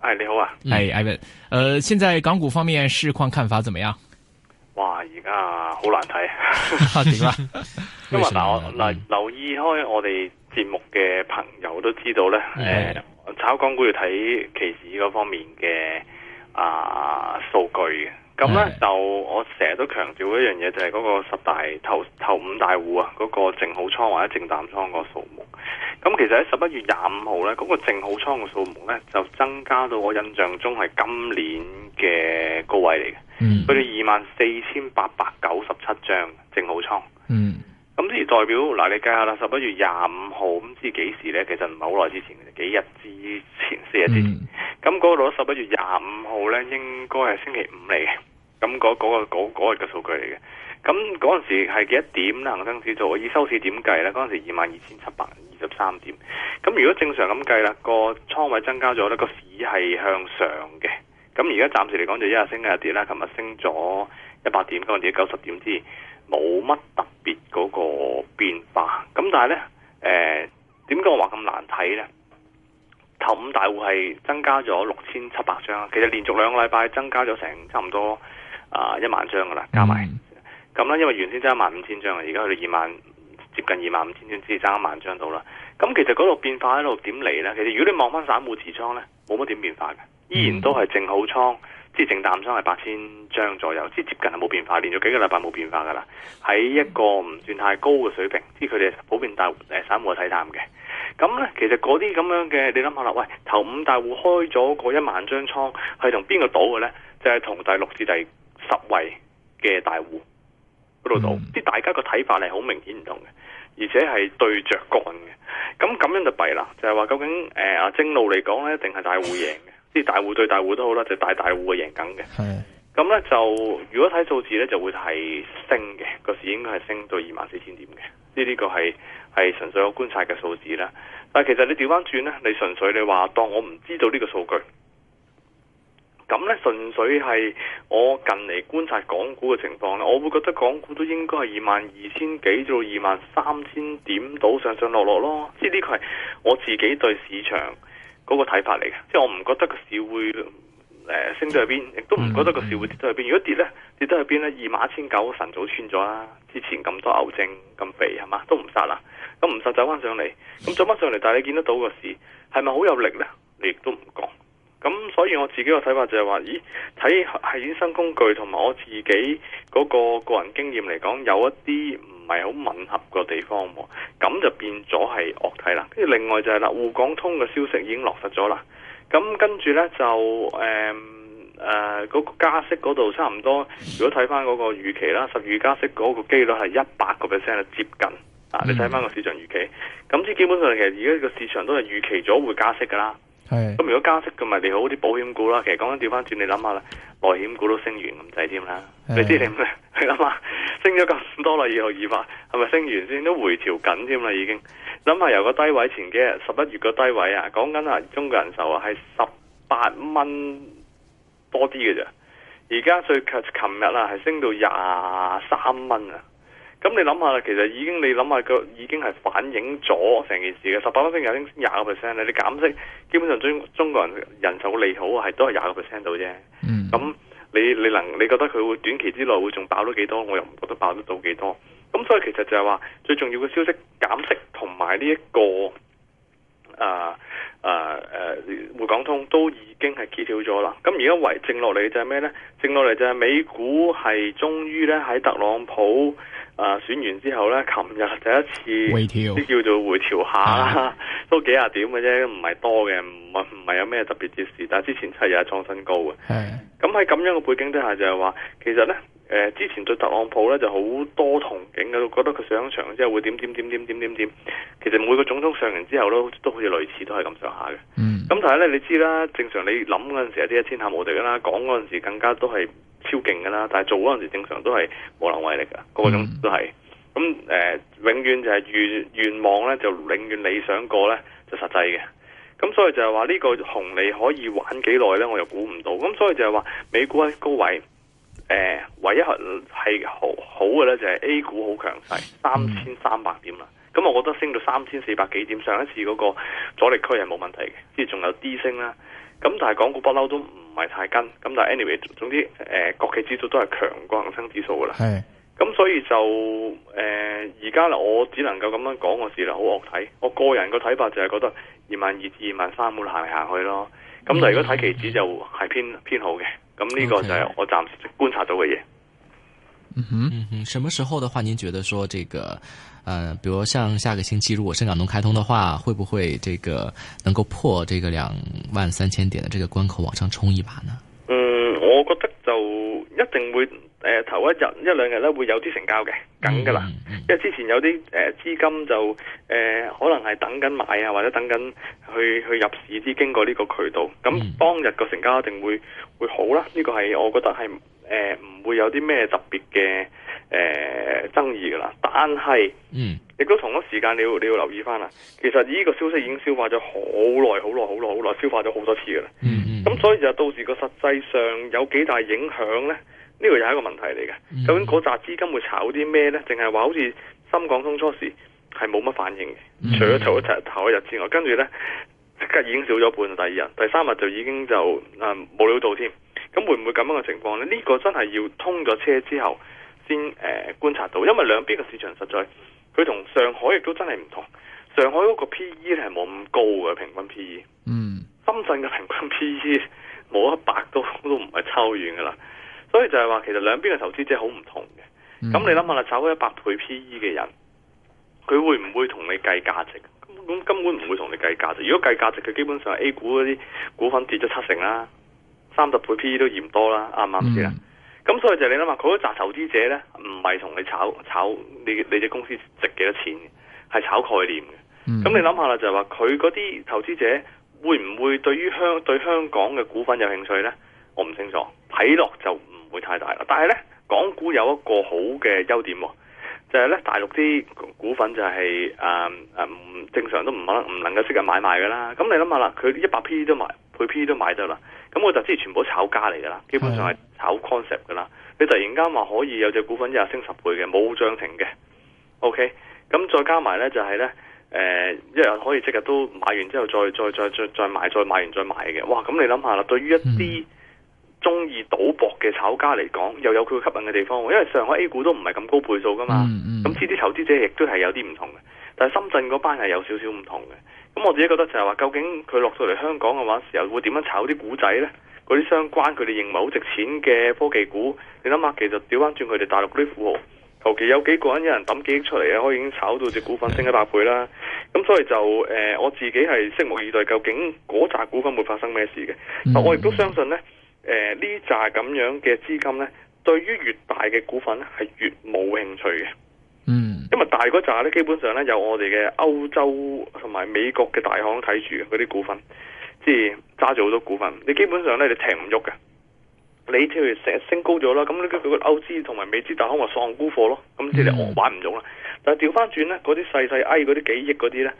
哎，你好啊！哎，Ivan，誒，現在港股方面市況看法怎麼樣？哇，而家好難睇，點 啊樣了？因 為嗱嗱留，留意開我哋節目嘅朋友都知道咧，誒、嗯嗯，炒港股要睇期指嗰方面嘅啊數據嘅。咁咧、嗯、就我成日都強調一樣嘢，就係、是、嗰個十大頭頭五大戶啊，嗰個淨好倉或者淨淡倉個數。咁其實喺十一月廿五號咧，嗰個淨好倉嘅數目咧就增加到我印象中係今年嘅高位嚟嘅，去到二萬四千八百九十七張淨好倉。嗯，咁即係代表嗱，你計下啦，十一月廿五號唔知幾時咧？其實唔係好耐之前嘅，幾日之前，前四日之前。咁嗰度十一月廿五號咧，應該係星期五嚟嘅。咁嗰嗰個嗰日嘅數據嚟嘅。咁嗰陣時係幾多點咧？恒生指數以收市點計咧，嗰陣時二萬二千七百。十三點，咁如果正常咁計啦，個倉位增加咗咧，個市係向上嘅。咁而家暫時嚟講就一日升一日跌啦。琴日升咗一百點，今日跌九十點之，冇乜特別嗰個變化。咁但係呢，誒點解我話咁難睇呢？頭五大戶係增加咗六千七百張，其實連續兩個禮拜增加咗成差唔多啊一萬張㗎啦，加埋。咁呢，因為原先爭一萬五千張啊，而家去到二萬。接近二萬五千張，只爭一萬張到啦。咁其實嗰度變化喺度點嚟呢？其實如果你望翻散戶持倉呢，冇乜點變化嘅，依然都係淨好倉，即係淨淡倉係八千張左右，即係接近係冇變化，連續幾個禮拜冇變化噶啦。喺一個唔算太高嘅水平，即係佢哋普遍大戶誒散戶睇淡嘅。咁呢，其實嗰啲咁樣嘅，你諗下啦，喂，頭五大戶開咗個一萬張倉，係同邊個賭嘅呢？就係、是、同第六至第十位嘅大戶嗰度賭。即、嗯、大家個睇法係好明顯唔同嘅。而且係對著幹嘅，咁咁樣就弊啦，就係、是、話究竟誒阿、呃、正路嚟講咧，一定係大戶贏嘅？即 啲大戶對大戶都好啦，就是、大大戶會贏緊嘅。係咁咧，就如果睇數字咧，就會係升嘅，個市應該係升到二萬四千點嘅。呢啲個係係純粹有觀察嘅數字啦。但係其實你調翻轉咧，你純粹你話當我唔知道呢個數據。咁咧，純粹係我近嚟觀察港股嘅情況咧，我會覺得港股都應該係二萬二千幾到二萬三千點到上上落落咯。即係呢個係我自己對市場嗰個睇法嚟嘅。即係我唔覺得個市會、呃、升到去邊，亦都唔覺得個市會跌到去邊。如果跌咧，跌到去邊咧？二萬一千九晨早穿咗啦，之前咁多牛證咁肥係嘛，都唔殺啦。咁唔殺走翻上嚟，咁走翻上嚟，但係你見得到個市係咪好有力咧？你亦都唔講。咁所以我自己個睇法就係話，咦，睇係衍生工具同埋我自己嗰個個人經驗嚟講，有一啲唔係好吻合個地方喎，咁就變咗係惡睇啦。跟住另外就係、是、啦，滬港通嘅消息已經落實咗啦，咁跟住呢，就誒誒嗰個加息嗰度差唔多。如果睇翻嗰個預期啦，十月加息嗰個機率係一百個 percent 接近，嗯、啊，你睇翻個市場預期。咁即基本上其實而家個市場都係預期咗會加息噶啦。係咁，如果加息嘅咪利好啲保險股啦。其實講緊調翻轉，你諗下啦，內險股都升完咁滯添啦。你知點咩？你諗下，升咗咁多啦，以後二百係咪升完先都回調緊添啦？已經諗下由個低位前幾日十一月個低位啊，講緊係中國人壽啊，係十八蚊多啲嘅啫。而家最近琴日啦，係升到廿三蚊啊！咁你諗下，其實已經你諗下佢已經係反映咗成件事嘅，十八 percent，已經廿個 percent 咧。你減息，基本上中中國人人受利好係都係廿個 percent 到啫。咁、mm. 你你能你覺得佢會短期之內會仲爆咗幾多？我又唔覺得爆得到幾多。咁所以其實就係話最重要嘅消息減息同埋呢一個誒誒誒，匯、啊啊啊啊、港通都已經係揭曉咗啦。咁而家為剩落嚟就係咩呢？剩落嚟就係美股係終於呢喺特朗普。啊！選完之後呢，琴日第一次回調啲叫做回調下都幾廿點嘅啫，唔係多嘅，唔唔係有咩特別之事。但係之前係日一創新高嘅。咁喺咁樣嘅背景之下就，就係話其實呢、呃，之前對特朗普呢就好多憧憬嘅，都覺得佢上場之後會點點點點點點點。其實每個總統上完之後都都好似類似都，都係咁上下嘅。咁但係呢，你知啦，正常你諗嗰陣時有啲天下無敵啦，講嗰陣時更加都係。超勁噶啦，但係做嗰陣時正常都係無能為力噶，嗰種都係。咁誒、呃，永遠就係願願望咧，就永遠理想過咧，就實際嘅。咁所以就係話呢個紅利可以玩幾耐咧，我又估唔到。咁所以就係話美股喺高位，誒、呃，唯一係好好嘅咧就係 A 股好強勢，三千三百點啦。咁我覺得升到三千四百幾點，上一次嗰個阻力區係冇問題嘅，即係仲有 d 升啦。咁但係港股不嬲都唔係太跟，咁但係 anyway，總之誒、呃、國企指數都係強過恆生指數噶啦。係，咁、嗯、所以就誒而家咧，呃、我只能夠咁樣講個事啦，好惡睇。我個人個睇法就係覺得二萬二至二萬三冇行嚟行去咯。咁但係如果睇期指就係偏、mm. 偏好嘅，咁、嗯、呢個就係我暫時觀察到嘅嘢。嗯哼嗯哼，什麼時候嘅話，您覺得說這個？嗯、呃，比如像下個星期如果深港通開通的話，會不會這個能夠破這個兩萬三千點的這個關口往上衝一把呢？嗯，我覺得就一定會，誒、呃，頭一日一兩日咧會有啲成交嘅，梗噶啦，因為之前有啲誒、呃、資金就誒、呃、可能係等緊買啊，或者等緊去去入市之經過呢個渠道，咁當日個成交一定會會好啦，呢、這個係我覺得係。誒、呃，唔會有啲咩特別嘅誒爭議噶啦，但係，嗯，亦都同一時間，你要你要留意翻啦。其實呢個消息已經消化咗好耐、好耐、好耐、好耐，消化咗好多次噶啦。嗯、咁、嗯、所以就到時個實際上有幾大影響咧？呢個又係一個問題嚟嘅、嗯。究竟嗰紮資金會炒啲咩咧？淨係話好似深港通初時係冇乜反應嘅、嗯，除咗頭一、頭一日之外，跟住咧即刻已經少咗半。第二日、第三日就已經就誒冇料到添。呃咁會唔會咁樣嘅情況呢？呢、呢個真係要通咗車之後先誒、呃、觀察到，因為兩邊嘅市場實在，佢同上海亦都真係唔同。上海嗰個 P E 呢，係冇咁高嘅平均 P E，嗯，深圳嘅平均 P E 冇一百都都唔係差遠噶啦，所以就係話，其實兩邊嘅投資者好唔同嘅。咁、嗯、你諗下啦，炒一百倍 P E 嘅人，佢會唔會同你計價值？咁根本唔會同你計價值，如果計價值，佢基本上 A 股嗰啲股份跌咗七成啦。三十倍 P/E 都嫌多啦，啱唔啱先？咁所以就你諗下，佢嗰扎投資者咧，唔係同你炒炒你你隻公司值幾多錢嘅，係炒概念嘅。咁、嗯、你諗下啦，就係話佢嗰啲投資者會唔會對於香對香港嘅股份有興趣咧？我唔清楚，睇落就唔會太大啦。但係咧，港股有一個好嘅優點、哦，就係、是、咧，大陸啲股份就係誒誒，唔、嗯嗯、正常都唔可能唔能夠適應買賣噶啦。咁你諗下啦，佢一百 P 都買，倍 P 都買得啦。咁我就知全部炒家嚟噶啦，基本上係炒 concept 噶啦。你突然間話可以有隻股份一日升十倍嘅，冇漲停嘅。O K，咁再加埋呢就係呢，誒一日可以即日都買完之後，再再再再再買，再買完再買嘅。哇！咁你諗下啦，對於一啲中意賭博嘅炒家嚟講，又有佢吸引嘅地方。因為上海 A 股都唔係咁高倍數噶嘛，咁至啲投資者亦都係有啲唔同嘅。但係深圳嗰班係有少少唔同嘅。咁我自己覺得就係話，究竟佢落到嚟香港嘅話，時候會點樣炒啲股仔呢？嗰啲相關佢哋認為好值錢嘅科技股，你諗下，其實掉翻轉佢哋大陸啲富豪，求其有幾個人有人抌幾億出嚟啊，可以已經炒到隻股份升一百倍啦。咁所以就誒、呃，我自己係拭目以待，究竟嗰扎股份會發生咩事嘅。但我亦都相信呢，呢扎咁樣嘅資金呢，對於越大嘅股份呢係越冇興趣嘅。嗯，因為大嗰扎咧，基本上咧有我哋嘅歐洲同埋美國嘅大行睇住嗰啲股份，即係揸住好多股份，你基本上咧你停唔喐嘅。你譬如升升高咗啦，咁、那、佢個歐資同埋美資大行話喪沽貨咯，咁即係我玩唔到啦。但係調翻轉咧，嗰啲細細 A 嗰啲幾億嗰啲咧。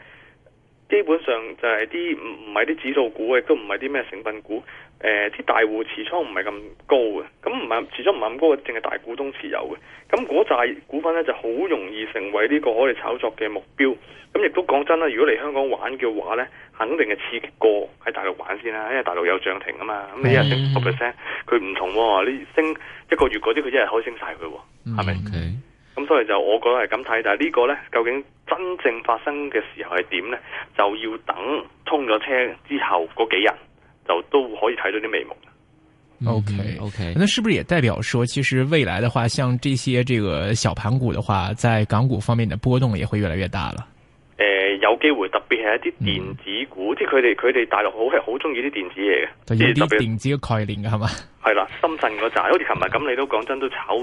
基本上就係啲唔唔係啲指數股亦都唔係啲咩成分股。誒、呃，啲大戶持倉唔係咁高嘅，咁唔係持倉唔係咁高嘅，淨係大股東持有嘅。咁嗰啲股份咧，就好容易成為呢個可以炒作嘅目標。咁亦都講真啦，如果嚟香港玩嘅話咧，肯定係刺激過喺大陸玩先啦，因為大陸有漲停啊嘛。咁、嗯、你一日升十個 percent，佢唔同喎、哦。你升一個月嗰啲，佢一日可以升晒佢、哦。係、嗯、咪？OK。咁所以就我覺得係咁睇，但係呢個咧究竟真正發生嘅時候係點咧，就要等通咗車之後嗰幾日就都可以睇到啲眉目。OK OK，嗯，那是不是也代表說其實未來的話，像這些這個小盤股的話，在港股方面的波動也會越來越大啦。誒、呃、有機會特別係一啲電子股，嗯、即係佢哋佢哋大陸好係好中意啲電子嘢嘅，即電子嘅概念嘅係嘛？係啦，深圳個站好似琴日咁，你都講真都炒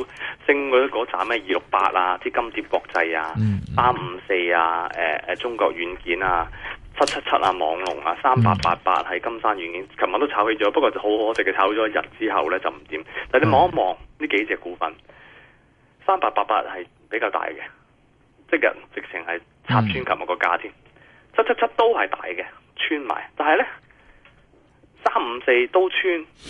升嗰嗰站咩二六八啊，啲金蝶國際啊，三五四啊，誒、呃、誒中國軟件啊，七七七啊，網龍啊3888是、嗯看看嗯，三八八八係金山軟件。琴日都炒起咗，不過好可惜嘅，炒咗一日之後咧就唔掂。但你望一望呢幾隻股份，三八八八係比較大嘅，即日直情係。嗯、插穿琴日個價添，七七七都係大嘅，穿埋，但係呢，三五四都穿，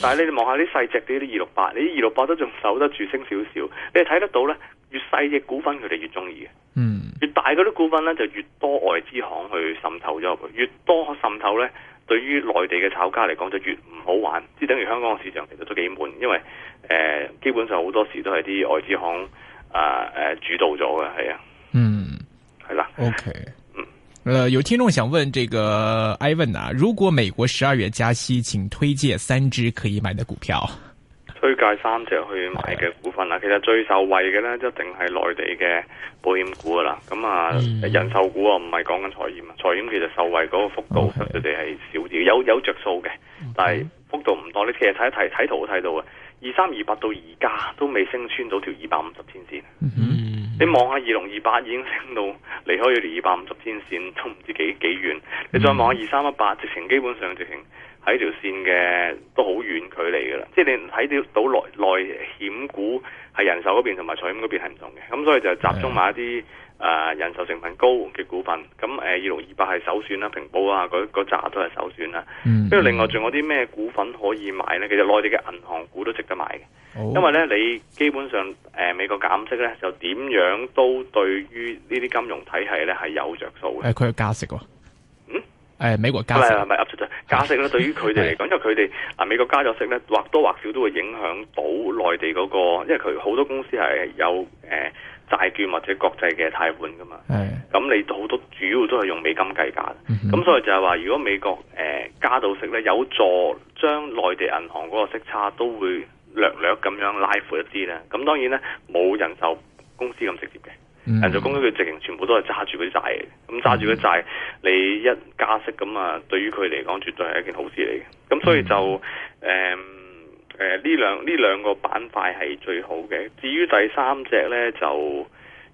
但係你哋望下啲細隻啲啲二六八，你啲二六八都仲守得住升少少，你睇得到呢，越細隻股份佢哋越中意嘅，嗯，越大嗰啲股份呢，就越多外資行去滲透咗入去，越多滲透呢，對於內地嘅炒家嚟講就越唔好玩，即等於香港嘅市場其實都幾悶，因為誒、呃、基本上好多時都係啲外資行啊誒主導咗嘅，係啊。係啦，OK，嗯，誒，有聽眾想問，這個 Ivan 啊，如果美國十二月加息，請推介三隻可以買的股票。推介三隻去買嘅股份啦、啊，okay. 其實最受惠嘅咧，一定係內地嘅保險股噶啦。咁啊，嗯、人壽股啊，唔係講緊財險啊，財險其實受惠嗰個幅度佢哋地係少啲，有有着數嘅，okay. 但係幅度唔多。你其實睇一睇睇圖睇到啊，二三二八到而家都未升穿到條二百五十天線。嗯你望下二龍二八已經升到離開咗二百五十天線，都唔知幾幾遠。你再望下二三一八，直情基本上直情喺條線嘅都好遠距離嘅啦。即係你睇到內內險股係人壽嗰邊同埋財險嗰邊係唔同嘅，咁所以就集中埋一啲。誒、啊，人壽成分高嘅股份，咁誒，二六二八係首選啦，平保啊，嗰嗰扎都係首選啦、啊。嗯。跟住另外仲有啲咩股份可以買呢？其實內地嘅銀行股都值得買嘅、哦，因為咧你基本上誒、呃、美國減息咧，就點樣都對於呢啲金融體系咧係有着數嘅。佢有加息喎。嗯。誒、呃，美國加息。係咪出咗加息咧，對於佢哋嚟講，因為佢哋、呃、美國加咗息咧，或多或少都會影響到內地嗰、那個，因為佢好多公司係有誒。呃債券或者國際嘅貸款噶嘛，咁你好多主要都係用美金計價，咁、嗯、所以就係話，如果美國誒、呃、加到息咧，有助將內地銀行嗰個息差都會略略咁樣拉闊一啲咧。咁當然咧，冇人壽公司咁直接嘅、嗯，人壽公司佢直情全部都係揸住嗰啲債，咁揸住嗰啲債，你一加息咁啊，對於佢嚟講絕對係一件好事嚟嘅。咁所以就誒。嗯呢、呃、兩呢兩個板塊係最好嘅。至於第三隻呢，就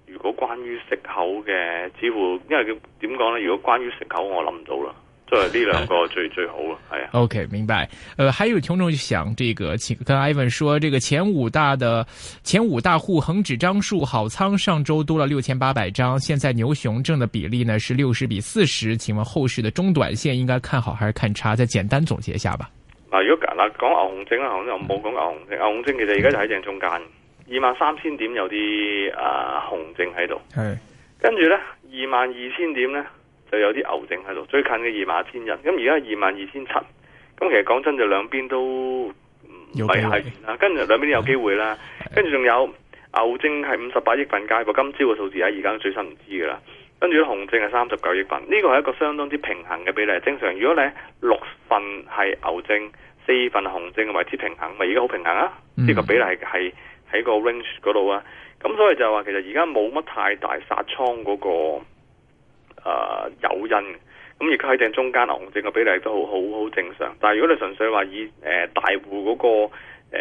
如果關於食口嘅，似乎因為點講呢？如果關於食口，我諗唔到啦。即係呢兩個最、啊、最，最好啦。係啊。OK，明白。呃還有聽眾想，這個請跟 Ivan 說，這個前五大的前五大戶恒指張數好倉，上周多了六千八百張，現在牛熊證的比例呢是六十比四十。請問後市的中短線應該看好還是看差？再簡單總結一下吧。嗱，如果嗱講牛熊證咧，我冇講牛熊證。牛熊證其實而家就喺正中間，二萬三千點有啲啊、呃、熊證喺度。係，跟住咧二萬二千點咧就有啲牛證喺度。最近嘅二萬一千一，咁而家二萬二千七。咁其實講真，就兩邊都唔係係啦。跟住兩邊都有機會啦。跟住仲有牛證係五十八億份加，個今朝嘅數字喺而家最新唔知噶啦。跟住咧熊證係三十九億份，呢個係一個相當之平衡嘅比例。正常，如果你六份係牛證。四份紅證位置平衡，咪而家好平衡啊！呢、嗯、個比例係喺個 range 嗰度啊，咁所以就話其實而家冇乜太大殺倉嗰個誒誘、呃、因咁而家喺正中間紅證嘅比例都好好好正常。但係如果你純粹話以誒、呃、大戶嗰、那個誒誒、呃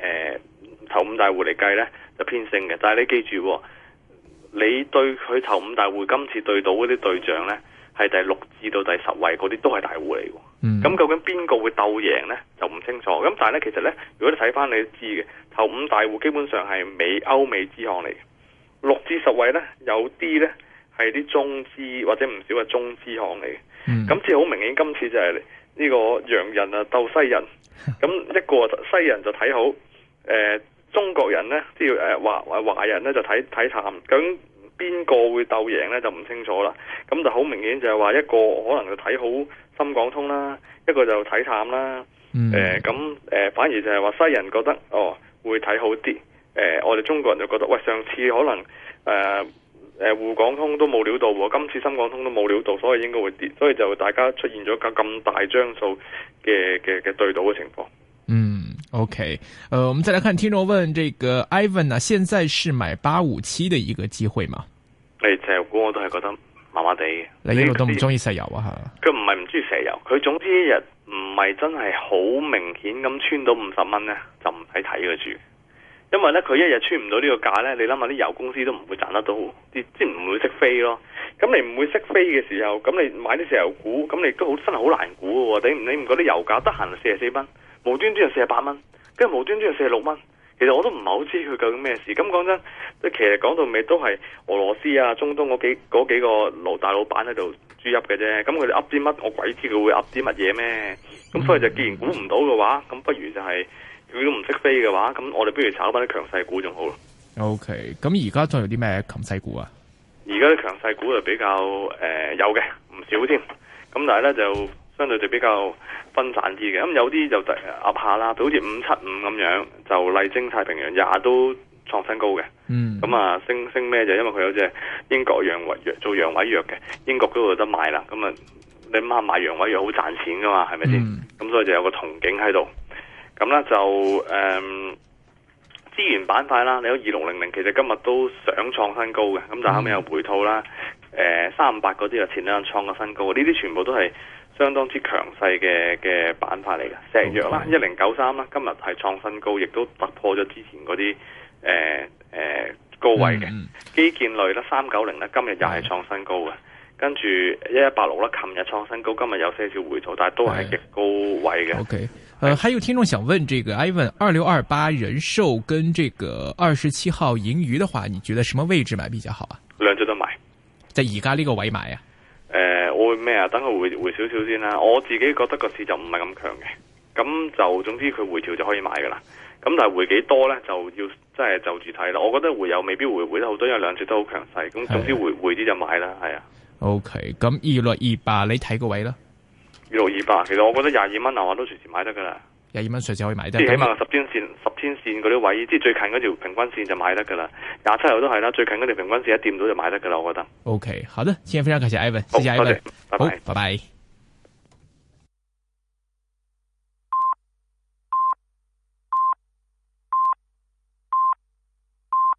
呃、頭五大戶嚟計咧，就偏性嘅。但係你記住、哦，你對佢頭五大戶今次對到嗰啲對象咧，係第六至到第十位嗰啲都係大戶嚟。咁、嗯、究竟邊個會鬥贏呢？就唔清楚。咁但係呢，其實呢，如果你睇翻你都知嘅，頭五大戶基本上係美歐美支行嚟嘅，六至十位呢，有啲呢係啲中資或者唔少嘅中資行嚟嘅。咁即係好明顯，今次就係呢個洋人啊鬥西人。咁一個西人就睇好、呃，中國人呢，即係華華人呢就，就睇睇淡咁。邊個會鬥贏呢？就唔清楚啦，咁就好明顯就係話一個可能就睇好深港通啦，一個就睇淡啦。誒、嗯，咁、呃、誒、呃、反而就係話西人覺得哦會睇好啲，誒、呃、我哋中國人就覺得喂，上次可能誒誒滬港通都冇料到，今次深港通都冇料到，所以應該會跌，所以就大家出現咗咁咁大張數嘅嘅嘅對賭嘅情況。嗯，OK，誒、呃、我們再來看聽眾問這個 Ivan 啊，現在是買八五七的一個機會嗎？你石油股我都係覺得麻麻地嘅。你呢度都唔中意石油啊？佢唔係唔中意石油，佢總之一日唔係真係好明顯咁穿到五十蚊呢，就唔使睇佢住。因為呢，佢一日穿唔到呢個價呢，你諗下啲油公司都唔會賺得到，即即唔會識飛咯。咁你唔會識飛嘅時候，咁你買啲石油股，咁你都好真係好難估喎。你唔你唔覺得油價得閒就四十四蚊，無端端就四十八蚊，跟住無端端就四十六蚊？其實我都唔係好知佢究竟咩事。咁講真，即其實講到尾都係俄羅斯啊、中東嗰幾嗰幾個老大老闆喺度注入嘅啫。咁佢哋 up 啲乜，我鬼知佢會 up 啲乜嘢咩？咁所以就既然估唔到嘅話，咁不如就係、是、如果唔識飛嘅話，咁我哋不如炒翻啲強勢股仲好咯。OK，咁而家仲有啲咩強勢股啊？而家啲強勢股就比較誒、呃、有嘅，唔少添。咁但係咧就。相對就比較分散啲嘅，咁、嗯、有啲就第握下啦，好似五七五咁樣就麗晶太平洋日都創新高嘅。嗯，咁啊升升咩就因為佢有隻英國做藥做陽痿藥嘅，英國嗰度得賣啦。咁啊，你孖買陽痿藥好賺錢噶嘛，係咪先？咁所以就有個憧憬喺度。咁呢，就、嗯、誒資源板塊啦，你睇二六零零，其實今日都想創新高嘅，咁就係後屘有回吐啦。誒三五八嗰啲啊前兩日創個新高，呢啲全部都係相當之強勢嘅嘅板塊嚟嘅，石藥啦，一零九三啦，今日係創新高，亦都突破咗之前嗰啲誒誒高位嘅，嗯、基建類咧，三九零咧今日又係創新高嘅，哎，跟住一一八六咧，琴日創新高，今日有些少回頭但係都係極高位嘅，哎。OK，誒、呃，還有聽眾想問，這個 Ivan 二六二八人壽跟這個二十七號盈餘的話，你覺得什麼位置買比較好啊？兩隻都買，即係而家呢個位買啊？誒、呃。我會咩啊？等佢回回少少先啦。我自己覺得個市就唔係咁強嘅，咁就總之佢回調就可以買噶啦。咁但係回幾多呢？就要即係就住睇啦。我覺得回有，未必回回得好多，有兩隻都好強勢。咁總之回回啲就買啦。係啊。OK，咁二六二八你睇個位啦。二六二八，其實我覺得廿二蚊啊，我都隨時買得噶啦。廿二蚊瑞士可以買得，即係起碼十天線、十天線嗰啲位，即係最近嗰條平均線就買得噶啦。廿七號都係啦，最近嗰條平均線一掂到就買得噶啦，我覺得。O、okay, K，好的，先日非常感謝 Ivan，謝謝 Ivan，好，拜拜。